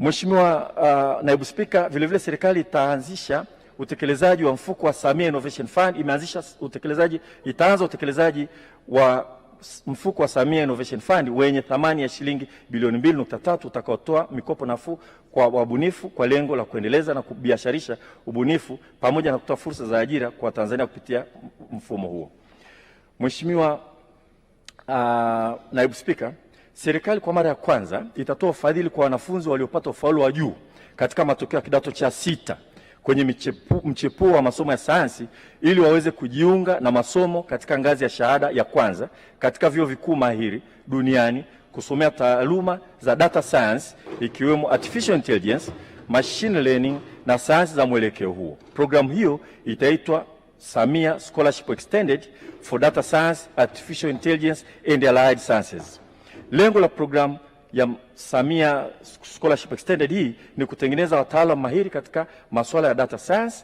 Mheshimiwa uh, naibu spika, vilevile serikali itaanzisha utekelezaji wa mfuko wa Samia Innovation Fund. Imeanzisha utekelezaji, itaanza utekelezaji wa mfuko wa Samia Innovation Fund wenye thamani ya shilingi bilioni 2.3 utakaotoa mikopo nafuu kwa wabunifu kwa lengo la kuendeleza na kubiasharisha ubunifu pamoja na kutoa fursa za ajira kwa Tanzania kupitia mfumo huo. Mheshimiwa uh, naibu spika Serikali kwa mara ya kwanza itatoa fadhili kwa wanafunzi waliopata ufaulu wa juu katika matokeo ya kidato cha sita kwenye mchepuo mchepu wa masomo ya sayansi ili waweze kujiunga na masomo katika ngazi ya shahada ya kwanza katika vyuo vikuu mahiri duniani kusomea taaluma za data science ikiwemo artificial intelligence, machine learning na sayansi za mwelekeo huo. Programu hiyo itaitwa Samia Scholarship Extended for Data Science, Artificial Intelligence and Allied Sciences. Lengo la programu ya Samia Scholarship Extended hii ni kutengeneza wataalamu mahiri katika masuala ya data science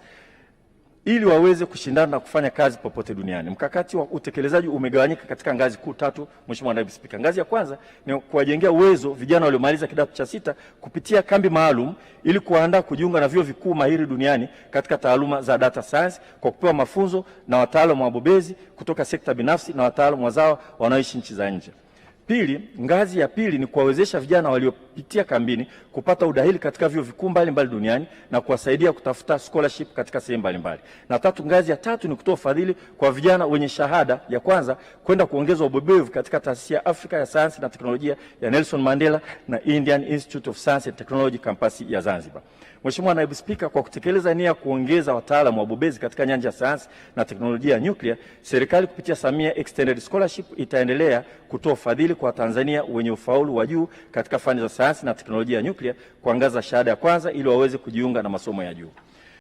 ili waweze kushindana na kufanya kazi popote duniani. Mkakati wa utekelezaji umegawanyika katika ngazi kuu tatu, Mheshimiwa Naibu Spika. Ngazi ya kwanza ni kuwajengea uwezo vijana waliomaliza kidato cha sita kupitia kambi maalum ili kuandaa kujiunga na vyuo vikuu mahiri duniani katika taaluma za data science kwa kupewa mafunzo na wataalamu wabobezi kutoka sekta binafsi na wataalamu wazawa wanaoishi nchi za nje. Pili, ngazi ya pili ni kuwawezesha vijana waliopitia kambini kupata udahili katika vyuo vikuu mbalimbali duniani na kuwasaidia kutafuta scholarship katika sehemu mbalimbali. Na tatu, ngazi ya tatu ni kutoa ufadhili kwa vijana wenye shahada ya kwanza kwenda kuongeza ubobevu katika taasisi ya Afrika ya sayansi na teknolojia ya Nelson Mandela na Indian Institute of Science and Technology kampasi ya Zanzibar. Mheshimiwa Naibu Spika, kwa kutekeleza nia ya kuongeza wataalamu wabobezi katika nyanja ya sayansi na teknolojia ya nyuklia, serikali kupitia Samia Extended Scholarship itaendelea kutoa ufadhili kwa Tanzania wenye ufaulu wa juu katika fani za sayansi na teknolojia ya nyuklia kuangaza shahada ya kwanza ili waweze kujiunga na masomo ya juu.